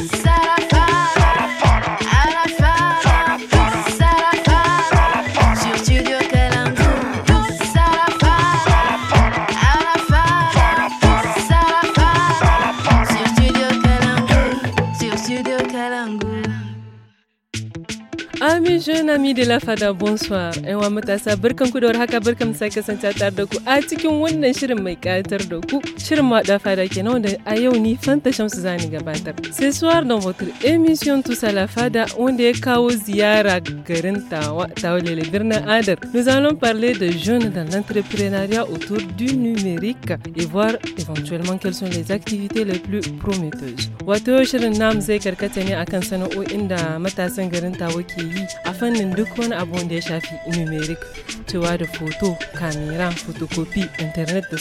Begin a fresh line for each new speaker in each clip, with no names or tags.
outside.
Jama'a ami la fada bonsoir ‘yan wa matasa barkan ku da war haka barkan sake san tare da ku a cikin wannan shirin mai katar da ku shirin ma fada kenan wanda a yau ni Fanta Shamsu zani gabatar. Sai suwar dans votre émission Tusa la fada wanda ya kawo ziyara garin Tawa Tawalele birnin Adar. Nous allons parler de jeunes dans l'entrepreneuriat autour du numérique et voir éventuellement quelles sont les activités les plus prometteuses. Wato shirin nam zai karkata ne akan sana'o'in da matasan garin Tawa ke yi a fannin de shafi numeric internet de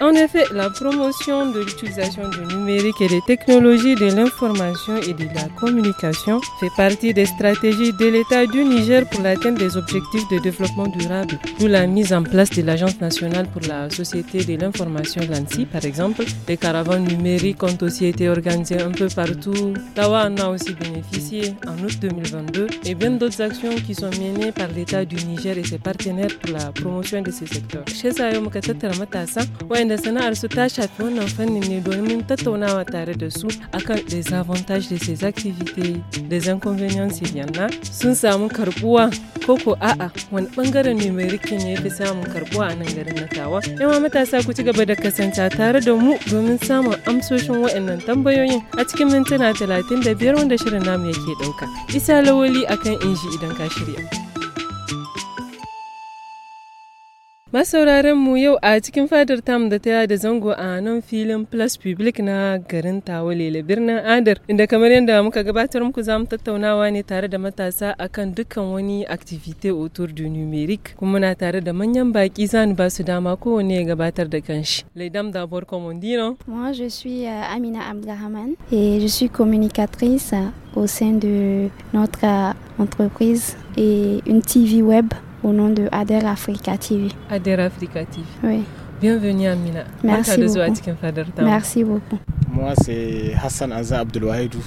En effet, la promotion de l'utilisation du numérique et des technologies de l'information et de la communication fait partie des stratégies de l'État du Niger pour l'atteinte des objectifs de développement durable, pour la mise en place de l'Agence nationale pour la société de l'information, l'ANSI par exemple. Les caravanes numériques ont aussi été organisées un peu partout. Tawa en a aussi bénéficié en août 2022 et bien d'autres actions actions qui sont menées par l'État du Niger et ses partenaires pour la promotion de ce secteur. Shi sa yau muka tattara matasa waɗanda sana'ar su ta shafi wannan fannin ne domin tattaunawa tare da su akan des avantages de ces activités, des inconvénients s'il y en a, sun samu karbuwa ko ko a'a wani bangaren numerikin ne fi samun karbuwa a nan garin na tawa. Yawa matasa ku ci gaba da kasance tare da mu domin samun amsoshin waɗannan tambayoyin a cikin mintuna 35 wanda shirin namu yake ɗauka. Isa lawali akan inji idan 该失联。Masauraran mu yau a cikin fadar tam da taya da zango a nan filin Plus Public na garin Tawalele birnin Adar inda kamar yadda muka gabatar muku zamu tattaunawa ne tare da matasa akan dukkan wani activity autour du numérique. kuma muna tare da manyan baki zan ba su dama kowane ya gabatar da kanshi. Les dames d'abord
comme Moi je suis euh, Amina abdrahman et je suis communicatrice au sein de notre euh, entreprise et une TV web au nom de Adel Africa TV. Ader
Africa TV. Oui. Bienvenue Amina. Merci beaucoup. Merci
beaucoup.
Moi, c'est Hassan Azza Abdelwahidou.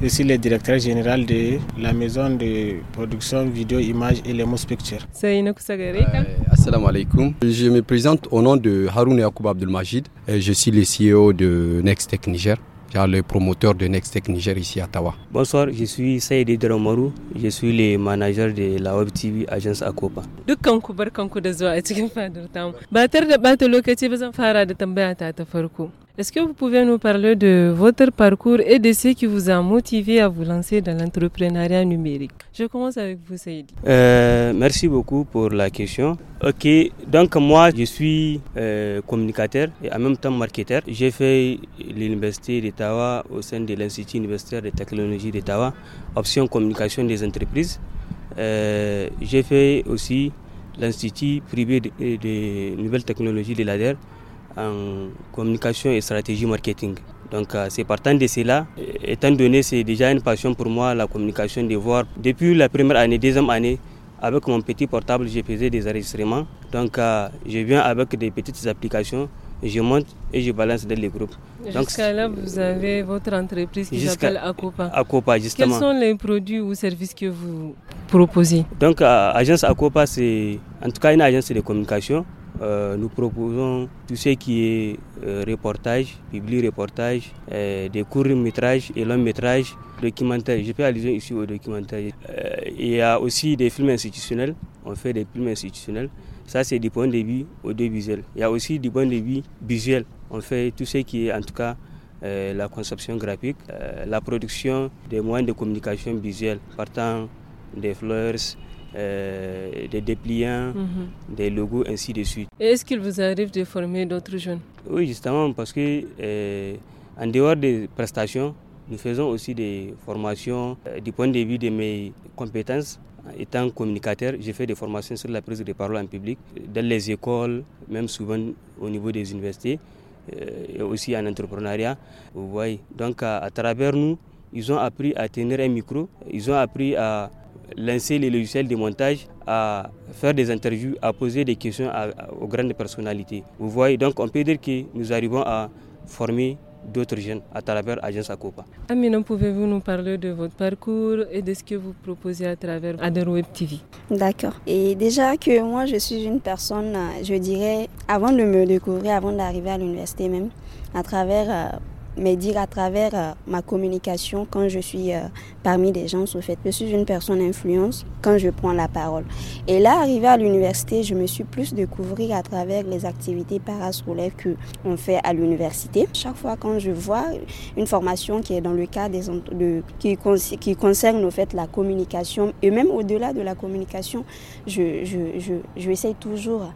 Je suis le directeur général de la maison de production vidéo, images et les mots pictures.
Euh, assalamu
alaikum. Je me présente au nom de Haroun Yakoub Abdelmajid. Je suis le CEO de Next Tech Niger car le promoteur de Next Tech Niger ici à Tawa. Bonsoir, je suis Saïd Dramaru,
je suis le manager de la Web TV Agence Akopa.
Dukkan ku barkan ku da zuwa a cikin fadar tamu. Ba tar da bata lokaci ba zan fara da tambaya ta ta farko. Est-ce que vous pouvez nous parler de votre parcours et de ce qui vous a motivé à vous lancer dans l'entrepreneuriat numérique Je commence avec vous, Saïd.
Euh, merci beaucoup pour la question. Ok, donc moi, je suis euh, communicateur et en même temps marketeur. J'ai fait l'université d'Ottawa au sein de l'Institut universitaire de technologie d'Ottawa, option communication des entreprises. Euh, j'ai fait aussi l'Institut privé de, de nouvelles technologies de l'ADER en communication et stratégie marketing. Donc euh, c'est partant de cela, étant donné c'est déjà une passion pour moi la communication de voir depuis la première année, deuxième année, avec mon petit portable, je faisais des enregistrements. Donc euh, je viens avec des petites applications je monte et je balance dans les groupes. Jusqu'à là, vous
avez votre entreprise qui s'appelle Acopa. Acopa, justement. Quels sont les produits ou services que vous proposez
Donc, l'agence euh, agence Acopa, c'est en tout cas une agence de communication euh, nous proposons tout ce qui est euh, reportage, publi-reportage, euh, des courts-métrages et longs-métrages, documentaires. Je peux aller ici aux documentaires. il y a aussi des films institutionnels. On fait des films institutionnels. Ça, c'est du point de vue audiovisuel. Il y a aussi du point de vue visuel. On fait tout ce qui est, en tout cas, la conception graphique, la production des moyens de communication visuels partant des fleurs, euh, des dépliants, mhm. des logos, ainsi de suite.
est-ce qu'il vous arrive de former d'autres jeunes
Oui, justement, parce que euh, en dehors des prestations, nous faisons aussi des formations euh, du point de vue de mes compétences. Étant communicateur, j'ai fait des formations sur la prise de parole en public, dans les écoles, même souvent au niveau des universités, et aussi en entrepreneuriat. Vous voyez, donc à travers nous, ils ont appris à tenir un micro, ils ont appris à lancer les logiciels de montage, à faire des interviews, à poser des questions aux grandes personnalités. Vous voyez, donc on peut dire que nous arrivons à former d'autres jeunes à travers Agence Acopa.
Amina, pouvez-vous nous parler de votre parcours et de ce que vous proposez à travers Adore TV
D'accord. Et déjà que moi, je suis une personne, euh, je dirais, avant de me découvrir, avant d'arriver à l'université même, à travers euh, mais dire à travers euh, ma communication quand je suis euh, parmi des gens, au fait que je suis une personne influence quand je prends la parole. Et là, arrivé à l'université, je me suis plus découvert à travers les activités parascolaires qu'on fait à l'université. Chaque fois quand je vois une formation qui est dans le cadre des de, qui, qui concerne au fait la communication et même au-delà de la communication, je je, je, je essaye toujours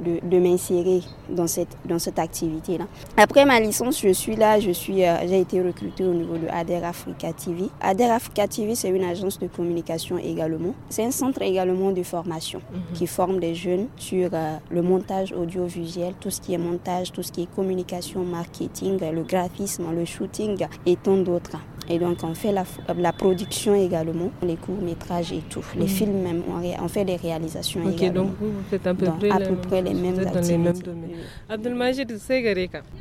de, m'insérer dans cette, dans cette activité-là. Après ma licence, je suis là, je suis, euh, j'ai été recrutée au niveau de ADER Africa TV. ADER Africa TV, c'est une agence de communication également. C'est un centre également de formation mhm. qui forme des jeunes sur euh, le montage audiovisuel, tout ce qui est montage, tout ce qui est communication, marketing, le graphisme, le shooting et tant d'autres. Et donc on fait la, la production également, les courts-métrages et tout, les mhm. films même, on, fait des réalisations également. donc vous, faites à peu, près, les mêmes activités. domaines.
Abdelmajid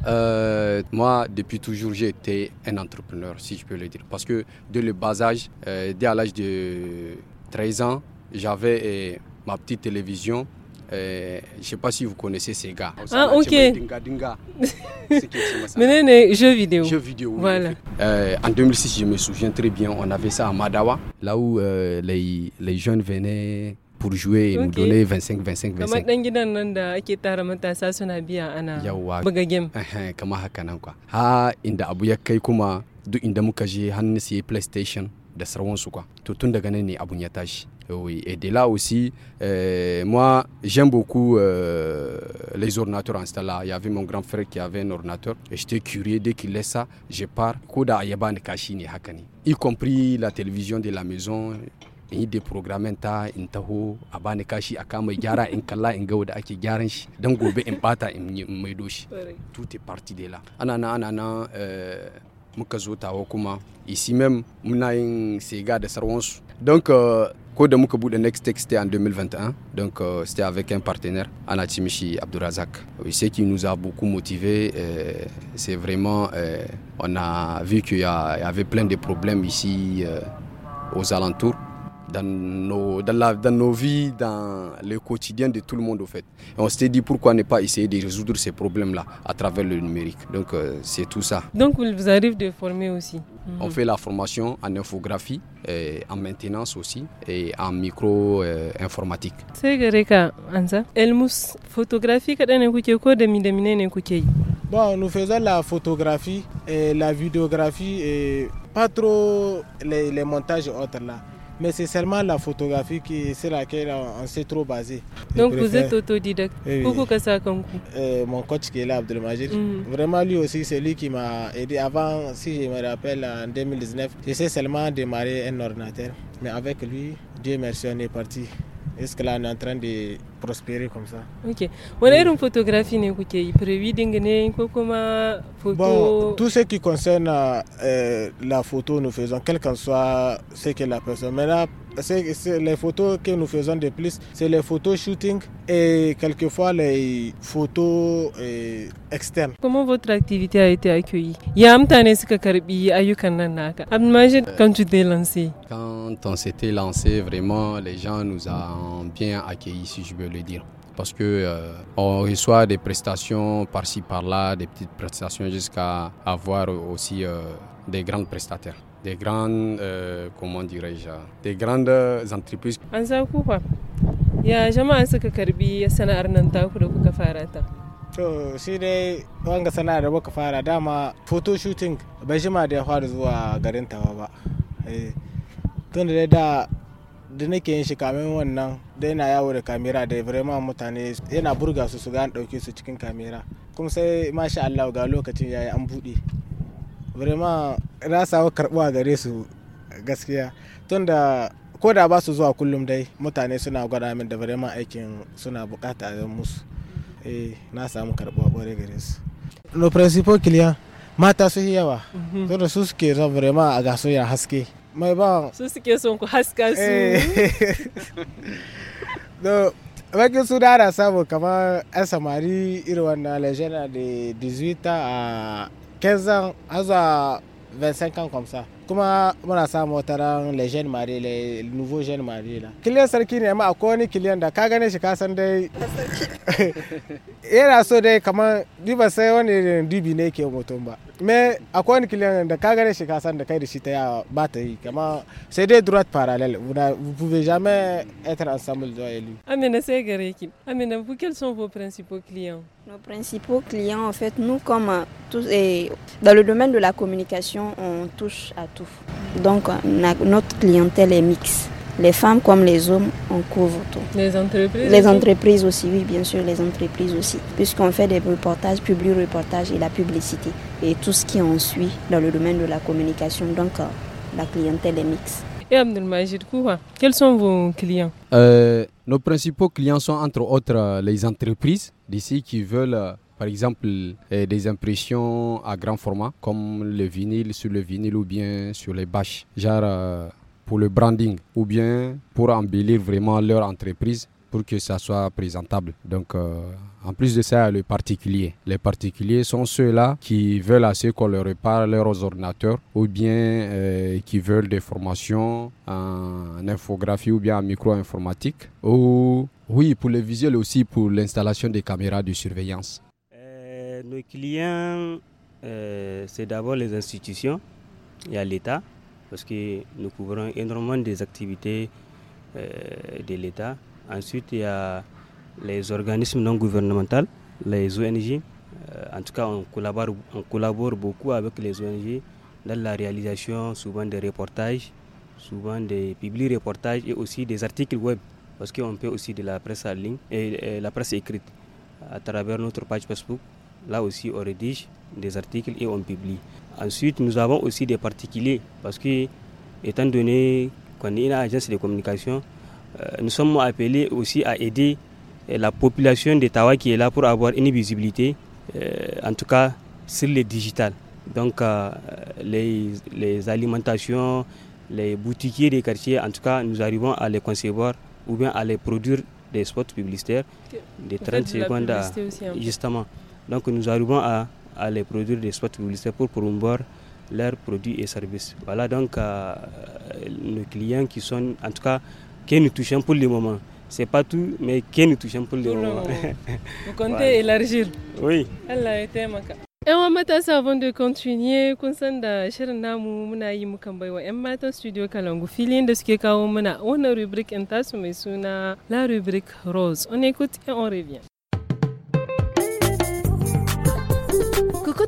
euh, Moi, depuis toujours, j'ai été un entrepreneur, si je peux le dire. Parce que dès le bas âge, euh, dès à l'âge de 13 ans, j'avais euh, ma petite télévision euh, je ne sais pas si vous connaissez ces gars. Ah, ok. Menene, jeux vidéo. Jeux vidéo, Voilà. en 2006, euh, je me souviens très bien, on avait ça à Madawa, là où euh, les, jeunes venaient pour jouer et nous donner 25 25 25 kamar
dan gidan nan da ake tara matasa suna biya ana buga
game kamar haka nan kwa ha inda abu ya kai kuma duk inda muka je hannu sai playstation da su kwa to tun daga nan ne abun ya tashi oui, et de là aussi, euh, moi, j'aime beaucoup euh, les ordinateurs installés. Il y avait mon grand frère qui avait un ordinateur et j'étais curieux. Dès qu'il laisse ça, je pars. kashi hakani. Y compris la télévision de la maison. in yi deprogrammen ta in taho a kashi a kama gyara in kalla in ga da ake gyaran shi don gobe in bata in maido parti de là. ana anana. ana na euh, Ici même, tawa kuma isi mem muna yin sega de sarwansu donc on next c'était en 2021 donc euh, c'était avec un partenaire Anatimichi Abdurazak ce qui nous a beaucoup motivé euh, c'est vraiment euh, on a vu qu'il y, avait plein de problèmes ici aux alentours dans nos, dans, nos vies, dans le quotidien de tout le monde au fait. on s'était dit pourquoi ne pas essayer de résoudre ces problèmes-là à travers le numérique. Donc c'est tout ça. Donc il vous arrive de former aussi on mhm. fait la formation en infographie, et euh, en maintenance aussi et en micro-informatique.
Euh, C'est gare ka, Ansa. Elmus, photographie kaɗai ne kuke ko da mi da ne kuke yi?
Bon, nous faisons la photographie et la vidéographie et pas trop les, montages autres là mais c'est seulement la photographie qui, sur laquelle on, s'est trop basé. Donc vous êtes
autodidacte. Eh oui,
eh, mon coach qui est là, Abdelmajid, mhm. vraiment lui aussi, c'est lui qui m'a aidé. Avant, si je me rappelle, en 2019, j'essaie seulement de démarrer un ordinateur. Mais avec lui, Dieu merci, on est parti. Est-ce que là, on est en train de prospérer comme ça.
Ok. une photographie photo?
tout ce qui concerne euh, la photo, nous faisons, quel qu'en soit ce que la personne. Mais là, c'est les photos que nous faisons de plus, c'est les photos shooting et quelquefois les photos euh, externes.
Comment votre activité a été accueillie Ya suka karbi a euh, quand tu t'es lancé.
Quand on s'était lancé, vraiment les gens nous ont bien accueillis si je veux le dire. Parce que euh, on reçoit des prestations par-ci par-là, des petites prestations jusqu'à avoir aussi euh, des grandes prestataires, des grandes, euh, comment dirais-je, des grandes entreprises.
ya jama'an suka karbi sana'ar nan taku da kuka fara ta
to shi dai wanga sana'ar da muka fara dama photo shooting bai jima da ya fara zuwa garin tawa ba eh, tun da da da nake yin shi kamin wannan da yana yawo da kamera da vraiment mutane yana burga su su ga an ɗauke su cikin kamera kuma sai masha Allah ga lokacin yayi an buɗe vraiment samu karɓuwa gare su gaskiya tunda ko da ba su zuwa kullum dai mutane suna gwada min da vraiment aikin suna bukata a musu eh na samu karɓuwa ƙwarai gare su no principal client mata su yawa mhm. tunda su suke zan vraiment a gasoyin haske mai ba su suke son ku haska su da eh. bakin su da samu kamar yan samari irin wannan lejana da dizuita a kenzan hazuwa vincent kan kwamsa kuma muna samu wata ran le jeune mari le nouveau jeune mari la kiliyan sarki ne amma akwai wani kiliyan da ka gane shi ka san dai yana so dai kamar duba sai wani dubi ne ke mutum ba mais à quoi kiliyan client parallèles, vous ne pouvez jamais être ensemble toi
et quels sont vos principaux clients nos principaux clients en fait nous comme euh, tous dans le domaine de la communication on touche à tout donc euh, notre clientèle est mixte les femmes comme les hommes, on couvre tout. Les entreprises Les entreprises aussi, oui, bien sûr, les entreprises aussi. Puisqu'on fait des reportages, public-reportages et la publicité et tout ce qui en suit dans le domaine de la communication. Donc, euh, la clientèle est mixte. Et
Abdelmajid Kouha, quels sont vos clients
euh, Nos principaux clients sont entre autres euh, les entreprises d'ici qui veulent par exemple des impressions à grand format comme le vinyle sur le vinyle ou bien sur les bâches, genre pour le branding ou bien pour embellir vraiment leur entreprise pour que ça soit présentable. Donc, euh, en plus de ça, le particulier. Les particuliers sont ceux-là qui veulent assez qu'on leur répare leurs ordinateurs ou bien euh, qui veulent des formations en infographie ou bien en micro-informatique. Ou, oui, pour les visuels aussi, pour l'installation des caméras de surveillance. Euh,
nos clients, c'est d'abord les institutions. et l'État, parce que nous couvrons énormément des activités de l'État Ensuite, il y a les organismes non gouvernementaux, les ONG. Euh, en tout cas, on collabore, on collabore beaucoup avec les ONG dans la réalisation souvent des reportages, souvent des publics reportages et aussi des articles web, parce qu'on peut aussi de la presse en ligne et, la presse écrite à travers notre page Facebook. Là aussi, on rédige des articles et on publie. Ensuite, nous avons aussi des particuliers, parce que, étant donné qu'on est une agence de communication, euh, nous sommes appelés aussi à aider euh, la population Tawa qui est là pour avoir une visibilité, euh, en tout cas sur le digital. Donc les, alimentations, les boutiquiers des quartiers, en tout cas, nous arrivons à les concevoir ou bien à les produire des spots publicitaires de 30 secondes hein. justement. Donc nous arrivons à, les produire des spots publicitaires pour promouvoir leurs produits et services. Voilà donc nos clients qui sont en tout cas qui nous touche pour le moment. C'est pas tout, mais qui nous touche pour le moment.
Vous comptez élargir Oui. Allah eh, Et avant de continuer studio la rubrique rose on écoute et on revient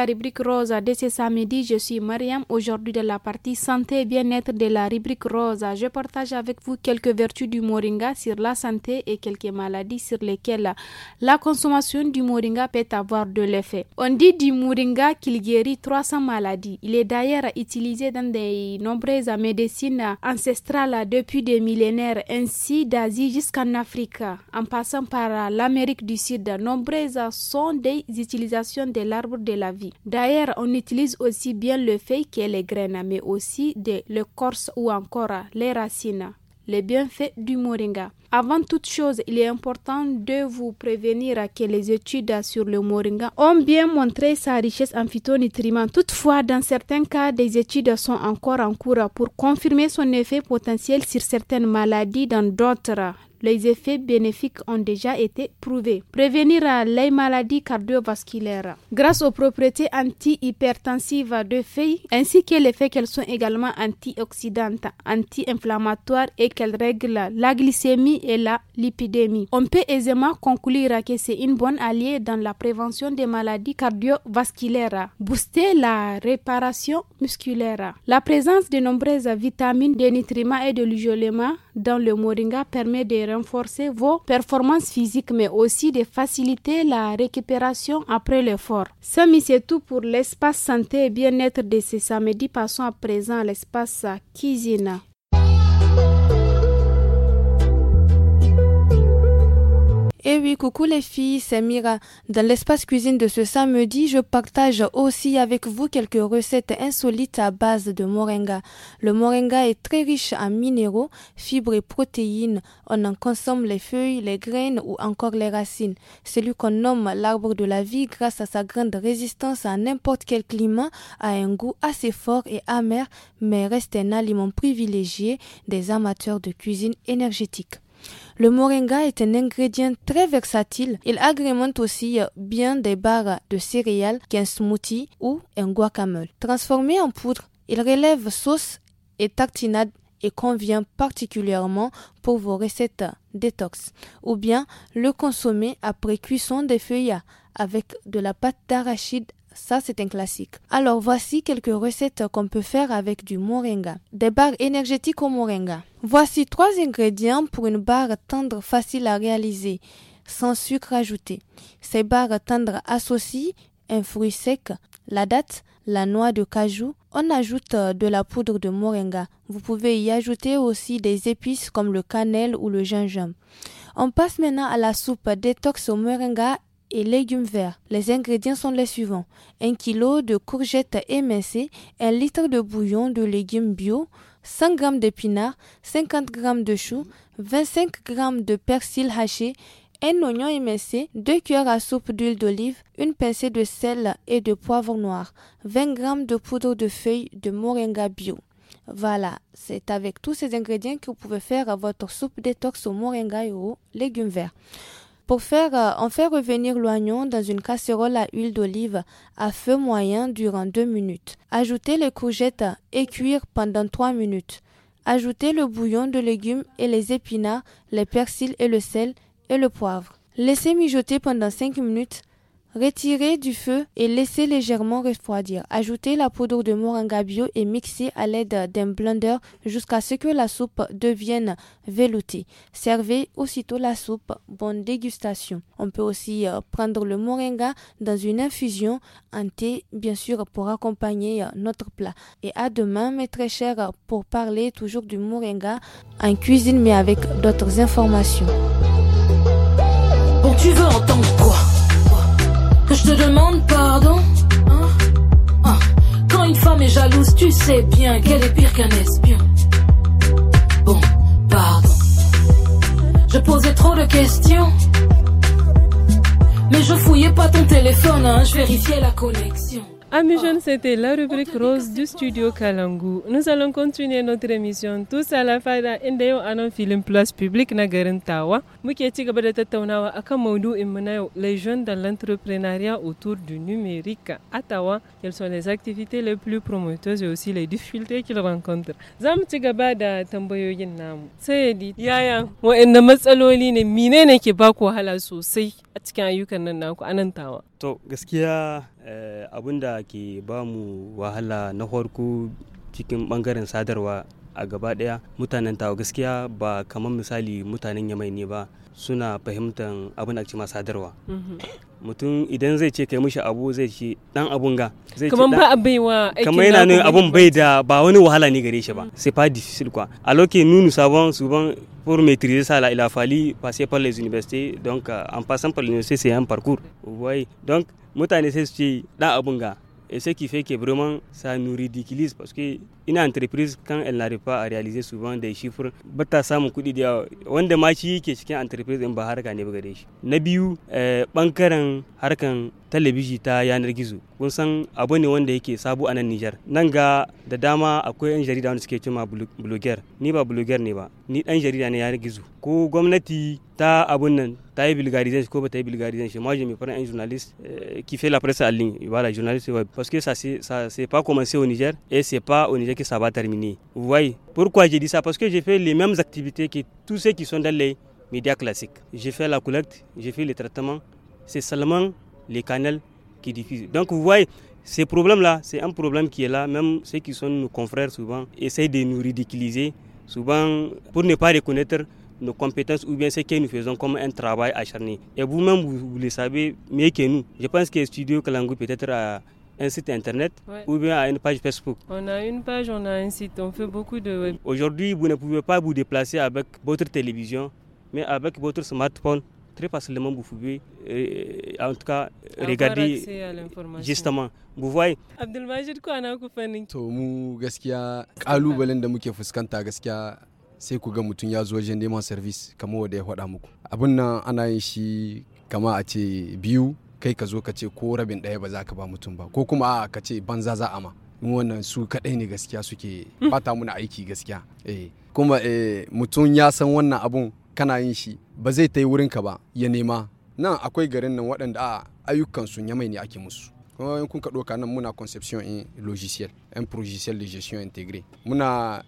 la rubrique rose de ce samedi. Je suis Mariam. Aujourd'hui, de la partie santé et bien-être de la rubrique rose, je partage avec vous quelques vertus du moringa sur la santé et quelques maladies sur lesquelles la consommation du moringa peut avoir de l'effet. On dit du moringa qu'il guérit 300 maladies. Il est d'ailleurs utilisé dans de nombreuses médecines ancestrales depuis des millénaires, ainsi d'Asie jusqu'en Afrique, en passant par l'Amérique du Sud. Nombreuses sont des utilisations de l'arbre de la vie. D'ailleurs, on utilise aussi bien le feuille que les graines, mais aussi le corse ou encore les racines les bienfaits du moringa. Avant toute chose, il est important de vous prévenir que les études sur le moringa ont bien montré sa richesse en phytonutriments. Toutefois, dans certains cas, des études sont encore en cours pour confirmer son effet potentiel sur certaines maladies. Dans d'autres, les effets bénéfiques ont déjà été prouvés. Prévenir les maladies cardiovasculaires grâce aux propriétés antihypertensives de feuilles ainsi que l'effet qu'elles sont également antioxydantes, anti-inflammatoires et qu'elles règlent la glycémie et la lipidémie. On peut aisément conclure que c'est une bonne alliée dans la prévention des maladies cardiovasculaires, booster la réparation musculaire. La présence de nombreuses vitamines, de nutriments et de l'isolement dans le moringa permet de renforcer vos performances physiques, mais aussi de faciliter la récupération après l'effort. Samy, c'est tout pour l'espace santé et bien-être de ce samedi. Passons à présent à l'espace cuisine.
Eh oui, coucou les filles, c'est Mira. Dans l'espace cuisine de ce samedi, je partage aussi avec vous quelques recettes insolites à base de moringa. Le moringa est très riche en minéraux, fibres et protéines. On en consomme les feuilles, les graines ou encore les racines. Celui qu'on nomme l'arbre de la vie grâce à sa grande résistance à n'importe quel climat a un goût assez fort et amer, mais reste un aliment privilégié des amateurs de cuisine énergétique. Le moringa est un ingrédient très versatile. Il agrémente aussi bien des barres de céréales qu'un smoothie ou un guacamole. Transformé en poudre, il relève sauce et tartinade et convient particulièrement pour vos recettes détox, ou bien le consommer après cuisson des feuillats avec de la pâte d'arachide ça, c'est un classique. Alors, voici quelques recettes qu'on peut faire avec du moringa. Des barres énergétiques au moringa. Voici trois ingrédients pour une barre tendre facile à réaliser, sans sucre ajouté. Ces barres tendres associent un fruit sec, la date, la noix de cajou. On ajoute euh, de la poudre de moringa. Vous pouvez y ajouter aussi des épices comme le cannelle ou le gingembre. On passe maintenant à la soupe détox au moringa et légumes verts. Les ingrédients sont les suivants. 1 kg de courgettes émincées, 1 litre de bouillon de légumes bio, 100 g d'épinards, 50 g de choux, 25 g de persil haché, un oignon émincé, 2 cuillères à soupe d'huile d'olive, une pincée de sel et de poivre noir, 20 g de poudre de feuilles de moringa bio. Voilà, c'est avec tous ces ingrédients que vous pouvez faire votre soupe détox au moringa et aux légumes verts. Pour faire, en euh, faire revenir l'oignon dans une casserole à huile d'olive à feu moyen durant 2 minutes. Ajoutez les courgettes et cuire pendant 3 minutes. Ajoutez le bouillon de légumes et les épinards, les persils et le sel et le poivre. Laissez mijoter pendant 5 minutes Retirez du feu et laissez légèrement refroidir. Ajoutez la poudre de moringa bio et mixez à l'aide d'un blender jusqu'à ce que la soupe devienne veloutée. Servez aussitôt la soupe. Bonne dégustation. On peut aussi euh, prendre le moringa dans une infusion, en thé bien sûr pour accompagner euh, notre plat. Et à demain mes très chers pour parler toujours du moringa en cuisine mais avec d'autres informations. tu veux tu sais bien qu'elle est pire qu'un espion. Bon, pardon. Je posais trop de questions. Mais je
fouillais pas ton téléphone, hein, je vérifiais la connexion. Amis jeunes, c'était la rubrique rose du studio Kalangu. Nous allons continuer notre émission tous à la fin nous film place publique les jeunes dans l'entrepreneuriat autour du numérique à Tawa. Quelles sont les activités les plus prometteuses et aussi les difficultés qu'ils rencontrent. ci gaba da
To gaskiya eh, abin da ke ba mu wahala na farko cikin bangaren sadarwa a gaba daya mutanen tawa gaskiya ba kamar misali mutanen yamai ne ba suna fahimtar abin da ma sadarwa mhm. mutum idan zai ce kai mushi abu zai ce dan abun ga kamar ba wa kamar yana nuna abun bai da ba wani wahala ne gare shi ba mhm. sai fa difficile kwa a lokacin nunu sabon suban pour maîtriser ça, il a fallu passer par les universités. Donc, euh, en passant par l'université, c'est un parcours. Vous voyez Donc, je c'est dans Abunga. Et ce qui fait que vraiment, ça nous ridiculise parce que une entreprise, quand elle n'arrive pas à réaliser souvent des chiffres, ba ta samun kuɗi da wanda ma shi yake cikin entreprise in ba harka ne ba gare shi. Na biyu eh, ɓangaren harkan talabiji ta yanar gizo kun san abu ne wanda yake sabo a nan Niger nan ga da dama akwai yan jarida wanda suke cewa blogger ni ba blogger ne ba ni dan jarida ne yanar gizo ko gwamnati ta abun nan ta yi vulgarisation ko ba ta yi moi je me prends un journaliste eh, qui fait la presse en ligne voilà journaliste web parce que ça c'est ça c'est pas commencé au Niger et c'est pas au Niger ça va terminer. Vous voyez Pourquoi j'ai dit ça Parce que j'ai fait les mêmes activités que tous ceux qui sont dans les médias classiques. J'ai fait la collecte, j'ai fait le traitement. C'est seulement les canaux qui diffusent. Donc vous voyez, ces problèmes-là, c'est un problème qui est là. Même ceux qui sont nos confrères souvent essayent de nous ridiculiser, souvent pour ne pas reconnaître nos compétences ou bien ce que nous faisons comme un travail acharné. Et vous-même, vous, le savez mieux que nous. Je pense que Studio Kalangu peut-être a un site internet ou bien à une page Facebook
On a une page, on a un site, on fait beaucoup de web.
Aujourd'hui, vous ne pouvez pas vous déplacer avec votre télévision, mais avec votre smartphone, très facilement vous pouvez, euh, en tout
cas, regarder. justement, vous voyez.
Abdelmajid, quoi, on a
To mu gaskiya kalubalen da muke fuskanta gaskiya sai ku ga mutum ya zo wajen neman service kamar wanda ya faɗa muku. Abun nan ana yin shi kama a ce biyu kai ka zo ka ce ko rabin ɗaya ba za ka ba mutum ba ko kuma ka ce banza za ma wannan su kaɗai ne gaskiya suke bata hmm. muna aiki gaskiya eh kuma eh, mutum ya san wannan abun kana yin shi ba zai ta yi wurinka ba ya nema nan akwai garin nan waɗanda a ayyukan sun yamai ne ake musu kuma in kun ka ɗauka nan muna conception in logiciel un logiciel de gestion intégré muna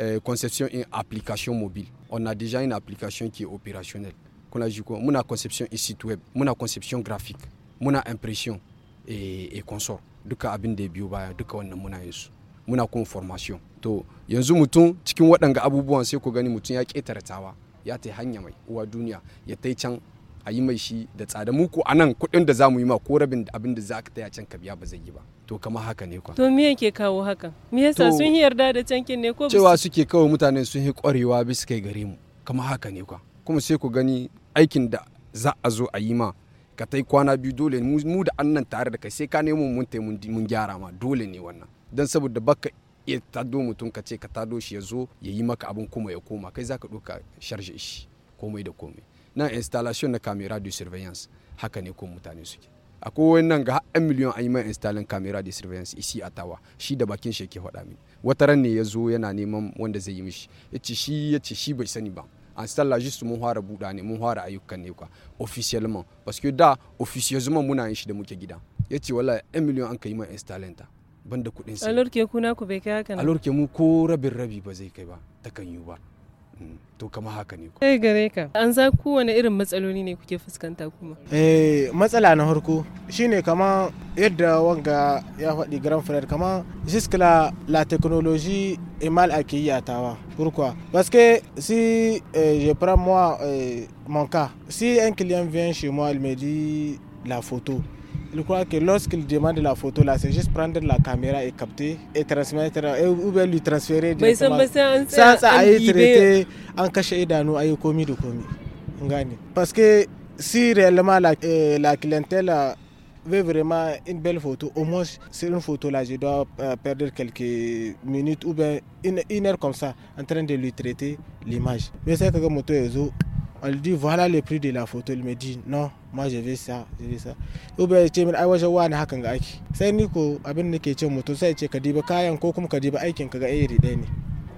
eh, conception in application mobile on a déjà une application qui est opérationnelle kuna muna conception in site web muna conception graphique muna impression e consort duka abin da ya biyo baya duka wannan muna yin su muna kuma formation to yanzu mutum cikin waɗanga abubuwan sai ku gani mutum ya ƙetare tawa ya ta hanya mai uwa duniya ya ta can a yi mai shi da tsada mu a anan kuɗin da za mu yi ma ko rabin abin da za ka taya can ka biya ba zai yi ba to kama haka ne kwa to
me yake kawo haka. me yasa sun yi yarda da cankin ne ko cewa suke
kawo mutane sun yi ƙwarewa bisa kai gare mu kama haka ne kwa kuma sai ku gani aikin da za a zo a yi ma ka ta yi kwana biyu dole mu da annan tare da kai sai ka nemo mun ta mun gyara ma dole ne wannan dan saboda baka iya do mutum ka ce ka tado shi ya zo ya yi maka abin kuma ya koma kai ka ɗauka sharje shi komai da komai na installation na camera de surveillance haka ne ko mutane suke akwai wannan ga har miliyan an yi mai installin camera de surveillance isi a tawa shi da bakin shi yake faɗa min wata ran ne ya zo yana neman wanda zai yi mishi ya ce shi ya ce shi bai sani ba en sallah juste mun fara buɗa ne mun fara ayuka ne quoi officiellement parce que da officieusement muna yin shi da muke gida yace voilà un million an kai man installenta banda kuɗin sai
alorke kuna ku bai kai haka alorke
mu ko rabin rabi ba zai kai ba takan yi ba to kama haka ne ku.
Eh, gare ka an za kowane irin matsaloli ne kuke fuskanta kuma.
eh matsala na harko shine kama yadda wanga ya faɗi grand frère kama jiskila la technologie et mal accueillie à Tawa pourquoi parce que si eh, je prends moi eh, mon cas si un client vient chez moi il me dit la photo Je crois que lorsqu'il demande la photo, là, c'est juste prendre la caméra et capter et transmettre ou bien lui transférer. directement. ça, ça, a été traité en cachet dans nous, a eu commis de commis. Parce que si réellement la, euh, la clientèle euh, veut vraiment une belle photo, au moins sur une photo là, je dois euh, perdre quelques minutes ou bien une, heure comme ça en train de lui traiter l'image. Mais c'est que moto on lui dit voilà le prix de la photo il me dit non moi je vais ça je vais ça ko bai ce min ai wajen wani hakan ga aiki sai ni ko abin da ke ce moto sai ce kadiba diba kayan ko kuma kadiba diba aikin ka ga iri ɗaya ne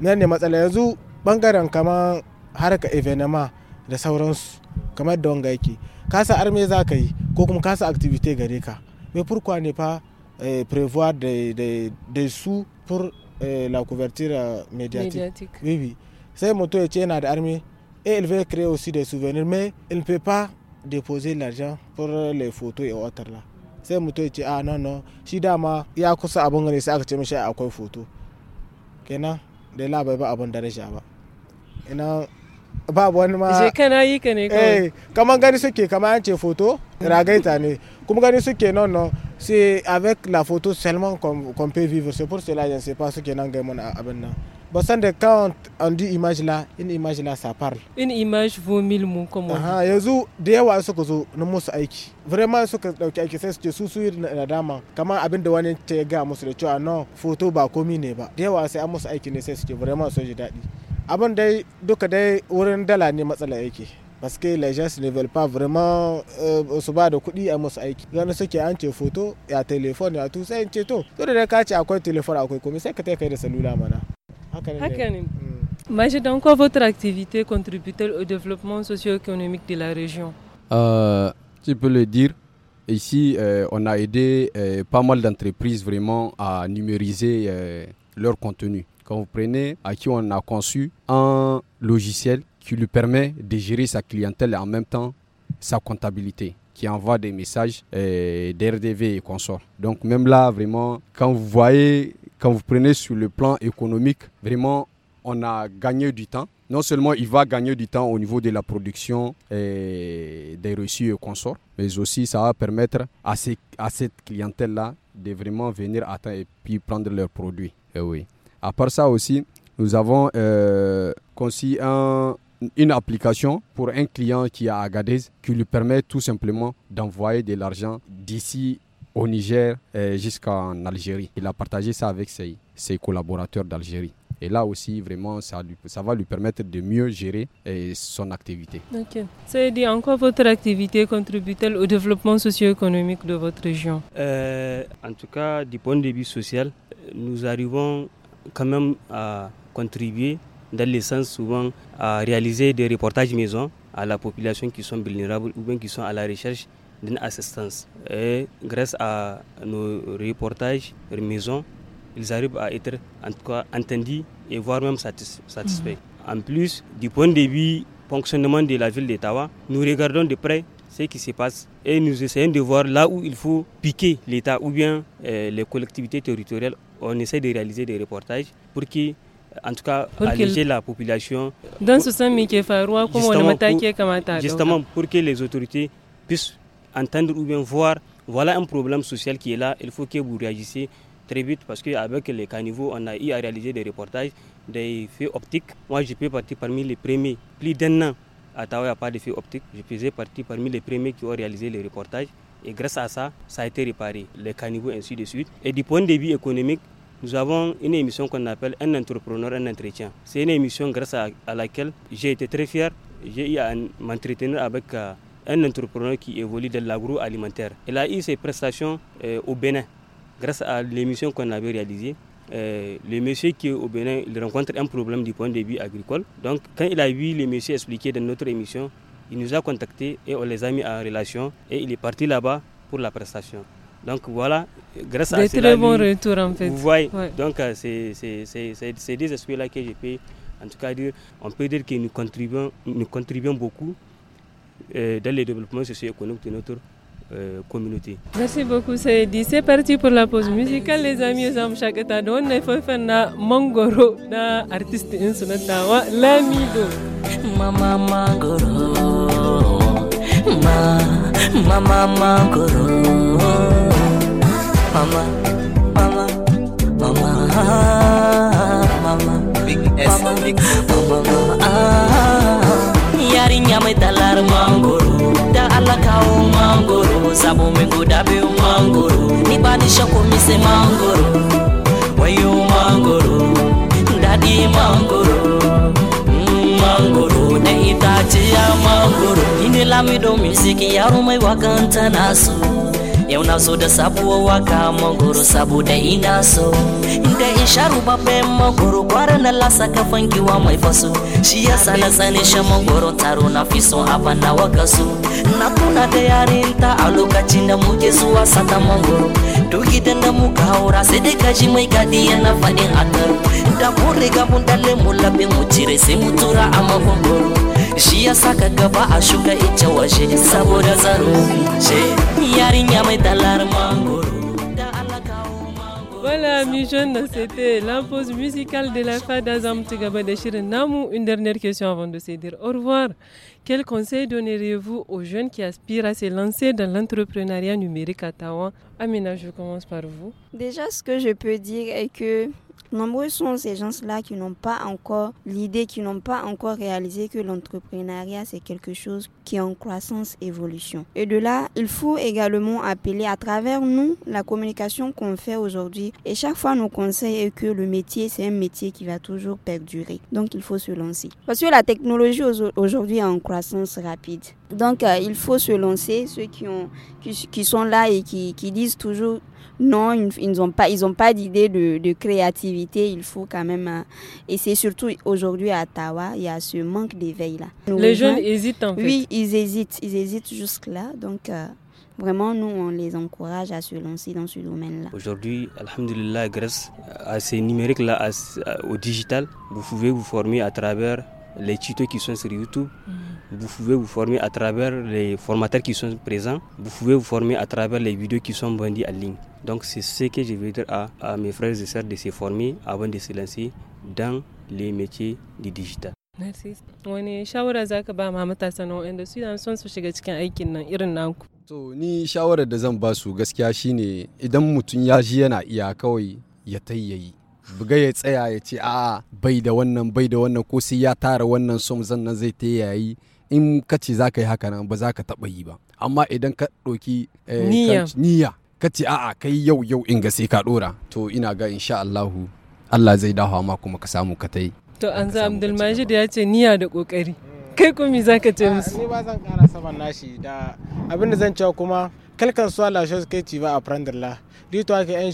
nan ne matsala yanzu bangaren kamar harka evenema da sauransu kamar don wanga yake kasa arme za ka yi ko kuma kasa activity gare ka mais pourquoi ne pas eh, prévoir des des des sous pour eh, la couverture eh, médiatique médiatique oui oui sai mutum ya ce yana da arme Et elle veut créer aussi des souvenirs, mais elle ne peut pas déposer l'argent pour les photos et autres là. C'est muto dit ah non non, si dama ya kusa sai akwai photo. Kena là babu wani ma je kana
yi ka ne kawai eh
kaman gani suke kaman an ce foto ragaita ne kuma gani suke non non c'est avec la photo seulement qu'on peut vivre c'est pour cela je ne sais pas ce que nan ga mun abin nan da quand on dit image là, une image là, ça parle.
Une image vaut mille mots, comme Ah,
yanzu da yawa suka zo na musu aiki. Vraiment suka dauki aiki sai su ce su su yi dama Kamar abin da wani ta ga musu da cewa non photo ba komi ne ba. Da yawa sai an musu aiki ne sai su ce vraiment su ji daɗi. abin dai duka dai wurin dala ne matsala yake que les gens ne veulent pas vraiment eh, su ba da kuɗi a musu aiki gani suke an ce foto ya telefon ya tusa sai ce to to da ka ce akwai telefon akwai komai sai ka kai da salula mana haka ne
mm. Majid, en quoi votre activité contribue-t-elle au développement socio-économique de la région
euh, Tu peux le dire. Ici, euh, on a aidé euh, pas mal d'entreprises vraiment à numériser euh, leur contenu. Quand vous prenez à qui on a conçu un logiciel qui lui permet de gérer sa clientèle et en même temps sa comptabilité qui envoie des messages euh, d'RDV et consorts. Donc même là, vraiment, quand vous voyez, quand vous prenez sur le plan économique, vraiment, on a gagné du temps. Non seulement il va gagner du temps au niveau de la production et euh, des reçus et consorts, mais aussi ça va permettre à, à cette clientèle-là de vraiment venir à temps et puis prendre leurs produits. Eh oui. À part ça aussi, nous avons euh, conçu une application pour un client qui est à Agadez qui lui permet tout simplement d'envoyer de l'argent d'ici au Niger euh, jusqu'en Algérie. Il a partagé ça avec ses, collaborateurs d'Algérie. Et là aussi, vraiment, ça, va lui permettre de mieux gérer euh, son activité.
Ok. C'est dit, en quoi votre activité contribue-t-elle au développement socio-économique de votre région
En tout cas, du point de vue social, nous arrivons quand même euh, contribué dans le sens souvent à euh, réaliser des reportages maison à la population qui sont vulnérables ou bien qui sont à la recherche d'une assistance. grâce à nos reportages maison, ils arrivent à être en entendus et voire même satisfaits. Mhm. En plus, du point de vue fonctionnement de la ville d'Ottawa, nous regardons de près qui se passe et nous essayons de voir là où il faut piquer l'État ou bien euh, les collectivités territoriales. On essaie de réaliser des reportages pour qui en tout cas alléger la population.
Dans ce sens, justement
pour que les autorités puissent entendre ou bien voir, voilà un problème social qui est là, il faut que vous réagissiez très vite parce qu'avec les caniveaux, on a eu à réaliser des reportages, des faits optiques. Moi, je peux partir parmi les premiers, plus d'un an à a pas d'effet optique. Je faisais partie parmi les premiers qui ont réalisé les reportages. Et grâce à ça, ça a été réparé, les caniveaux, ainsi de suite. Et du point de vue économique, nous avons une émission qu'on appelle Un entrepreneur, un entretien. C'est une émission grâce à, laquelle j'ai été très fier. J'ai eu à m'entretenir avec euh, un entrepreneur qui évolue dans l'agroalimentaire. Il a eu ses prestations euh, au Bénin grâce à l'émission qu'on avait réalisée. Euh, le monsieur qui est au Bénin, il rencontre un problème du point de vue agricole. Donc, quand il a vu le monsieur expliquer dans notre émission, il nous a contactés et on les a mis en relation et il est parti là-bas pour la prestation. Donc voilà, grâce Des à cela, très bon retour en fait. Vous voyez, donc euh, c'est des aspects-là que je peux, en tout cas dire, on peut dire que nous contribuons, nous contribuons beaucoup euh, dans le développement socio-économique de notre communauté.
Merci beaucoup C'est parti pour la pause musicale les amis. Nous chaque temps fait na Mangoro artiste Lamido. Mama Ma, mama Mama
mama mama Sabu mingu dabi umanguru Nibadisha kumise manguru Weyu manguru Dadi manguru mm, Manguru Ne itachi ya manguru Inilamido miziki ya rumai wakanta nasu yaunazoda sabuwo waka mogoro sabuda inaso nga isharuba be mogoro kwarana lasaka fangiwa maifasu shiya sanasanisha mogoro taru na fiso abana wakasu nakuna dayarinta alokacinda mukesu wa sata mogoro dukidanda mukaura sedekajimwe kadiya na fadi aka ndakurigabundale mulabe mucire semutura amakongoro Voilà,
mes jeunes, c'était pause musicale de la Tugaba de Namu. Une dernière question avant de se dire au revoir. Quel conseil donneriez-vous aux jeunes qui aspirent à se lancer dans l'entrepreneuriat numérique à Tawan? Amina, je commence par vous.
Déjà, ce que je peux dire est que Nombreux sont ces gens-là qui n'ont pas encore l'idée, qui n'ont pas encore réalisé que l'entrepreneuriat, c'est quelque chose qui est en croissance, évolution. Et de là, il faut également appeler à travers nous la communication qu'on fait aujourd'hui. Et chaque fois, nos conseils est que le métier, c'est un métier qui va toujours perdurer. Donc, il faut se lancer. Parce que la technologie aujourd'hui est en croissance rapide. Donc, euh, il faut se lancer. Ceux qui, ont, qui, sont là et qui, qui disent toujours non, ils n'ont pas, ils pas d'idée de, créativité. Il faut quand même euh, et c'est Surtout aujourd'hui à Ottawa, il y a ce manque d'éveil là. les jeunes hésitent en fait. Oui, ils hésitent, ils hésitent jusque là. Donc euh, vraiment, nous on les encourage à se lancer dans ce domaine-là.
Aujourd'hui, alhamdulillah, grâce à ces numériques là, au digital, vous pouvez vous former à travers les tutos qui sont sur YouTube. Vous pouvez vous former à travers les formateurs qui sont présents. Vous pouvez vous former à travers les vidéos qui sont vendues en ligne. Donc c'est ce que je veux dire à, à mes frères et sœurs de se former avant de se lancer dans les métiers du digital.
Merci. Wani shawara Zaka, ka ba ma matasa na waɗanda su yana son su shiga cikin aikin nan irin naku?
To ni shawarar da zan ba su gaskiya shine idan mutum ya ji yana iya kawai ya buga ya tsaya ya ce a'a bai da wannan bai da wannan ko sai ya tara wannan som zannan zai ta yayi in ka ce za ka yi haka nan ba za ka taɓa yi ba amma idan ka ɗauki eh, niyya ka ce a'a kai yau yau in ga sai ka ɗora to ina ga insha Allahu Allah zai dawo ma kuma ka samu ka ta yi
to an za Abdulmajid ya ce niyya da kokari kai kuma za ka ce musu ni ba zan ƙara saban nashi da abinda zan cewa kuma kalkan suwa la chose que tu vas apprendre là, dis-toi qu'un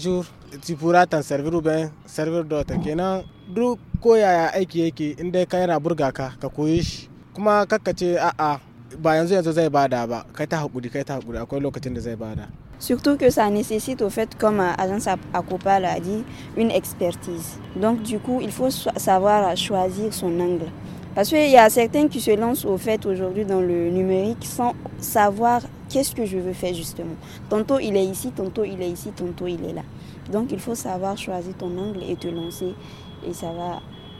tu pourras t'en servir ou bien servir
Surtout que ça nécessite au fait, comme Agence Acopal a dit, une expertise. Donc du coup, il faut savoir choisir son angle. Parce qu'il y a certains qui se lancent au fait aujourd'hui dans le numérique sans savoir qu'est-ce que je veux faire justement. Tantôt il est ici, tantôt il est ici, tantôt il est là. Donc il faut savoir choisir ton angle et te lancer et ça va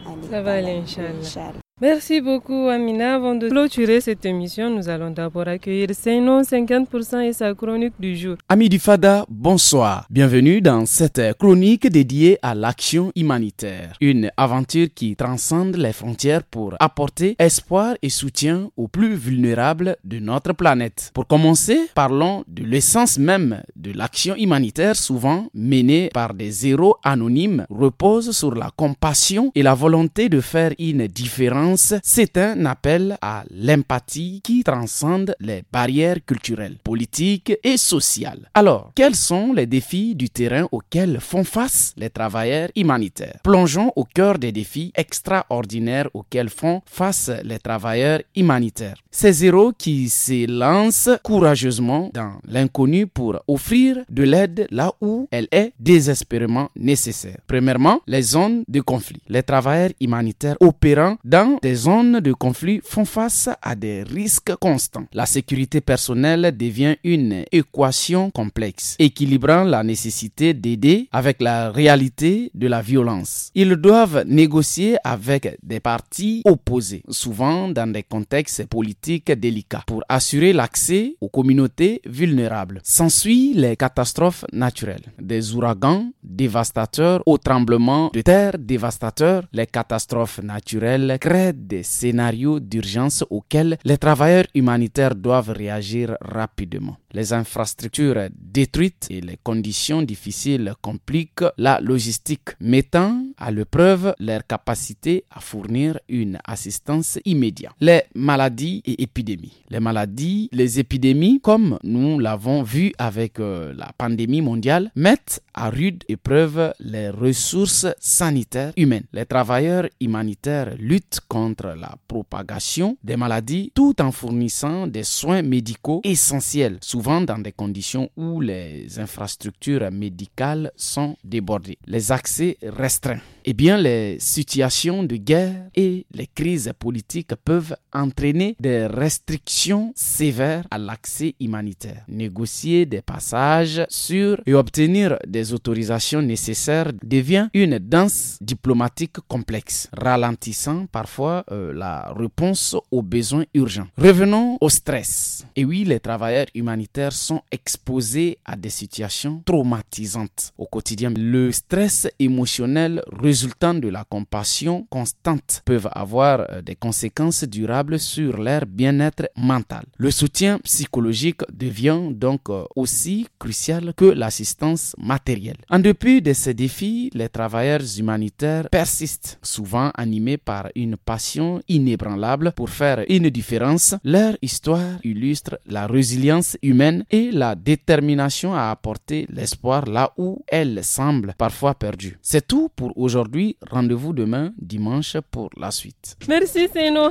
aller. Ça va aller, Inch'Allah.
Merci beaucoup Amina. Avant de clôturer cette émission, nous allons d'abord accueillir nom 50% et sa chronique du jour.
Ami du Fada, bonsoir. Bienvenue dans cette chronique dédiée à l'action humanitaire. Une aventure qui transcende les frontières pour apporter espoir et soutien aux plus vulnérables de notre planète. Pour commencer, parlons de l'essence même de l'action humanitaire souvent menée par des héros anonymes repose sur la compassion et la volonté de faire une différence c'est un appel à l'empathie qui transcende les barrières culturelles, politiques et sociales. Alors, quels sont les défis du terrain auxquels font face les travailleurs humanitaires Plongeons au cœur des défis extraordinaires auxquels font face les travailleurs humanitaires. Ces héros qui lancent courageusement dans l'inconnu pour offrir de l'aide là où elle est désespérément nécessaire. Premièrement, les zones de conflit. Les travailleurs humanitaires opérant dans des zones de conflit font face à des risques constants. La sécurité personnelle devient une équation complexe, équilibrant la nécessité d'aider avec la réalité de la violence. Ils doivent négocier avec des partis opposés, souvent dans des contextes politiques délicats, pour assurer l'accès aux communautés vulnérables. S'ensuit les catastrophes naturelles, des ouragans dévastateurs aux tremblements de terre dévastateurs, les catastrophes naturelles créent des scénarios d'urgence auxquels les travailleurs humanitaires doivent réagir rapidement les infrastructures détruites et les conditions difficiles compliquent la logistique, mettant à l'épreuve leur capacité à fournir une assistance immédiate. Les maladies et épidémies. Les maladies, les épidémies, comme nous l'avons vu avec euh, la pandémie mondiale, mettent à rude épreuve les ressources sanitaires humaines. Les travailleurs humanitaires luttent contre la propagation des maladies tout en fournissant des soins médicaux essentiels, souvent dans des conditions où les infrastructures médicales sont débordées, les accès restreints eh bien, les situations de guerre et les crises politiques peuvent entraîner des restrictions sévères à l'accès humanitaire, négocier des passages sûrs et obtenir des autorisations nécessaires devient une danse diplomatique complexe, ralentissant parfois euh, la réponse aux besoins urgents. Revenons au stress. Et eh oui, les travailleurs humanitaires sont exposés à des situations traumatisantes au quotidien. Le stress émotionnel résultant de la compassion constante peuvent avoir euh, des conséquences durables sur leur bien-être mental. Le soutien psychologique devient donc euh, aussi crucial que l'assistance matérielle. En dépit de ces défis, les travailleurs humanitaires persistent, souvent animés par une passion inébranlable pour faire une différence. Leur histoire illustre la résilience humaine et la détermination à apporter l'espoir là où elle semble parfois perdue. C'est tout pour aujourd'hui aujourd'hui. Rendez-vous demain, dimanche, pour la suite.
Merci, Seno.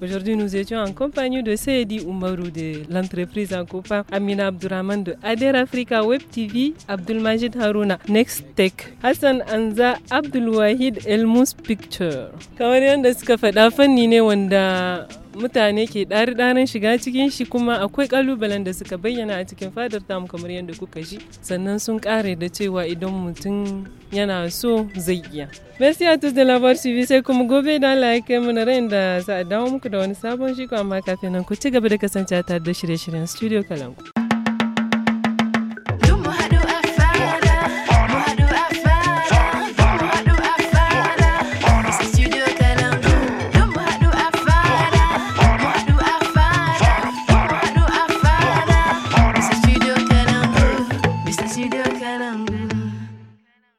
Aujourd'hui, nous étions en compagnie de Seydi Oumarou de l'entreprise en copain Amina Abdurrahman de Adair Africa Web TV, Abdul Majid Haruna, Next Tech, Hassan Anza Abdul Wahid, Elmous Picture. Kamar yadda suka faɗa fanni ne wanda mutane ke ɗari ɗarin shiga cikin shi kuma akwai ƙalubalen da suka bayyana a cikin fadar tamu kamar yadda kuka ji sannan sun ƙare da cewa idan mutum yana so zai iya. Merci à tous de l'avoir suivi sai kuma gobe da Allah ya kai mu na rain da za a dawo muku da wani sabon shi amma kafin nan ku ci gaba da kasancewa tare da shirye-shiryen studio kalanku.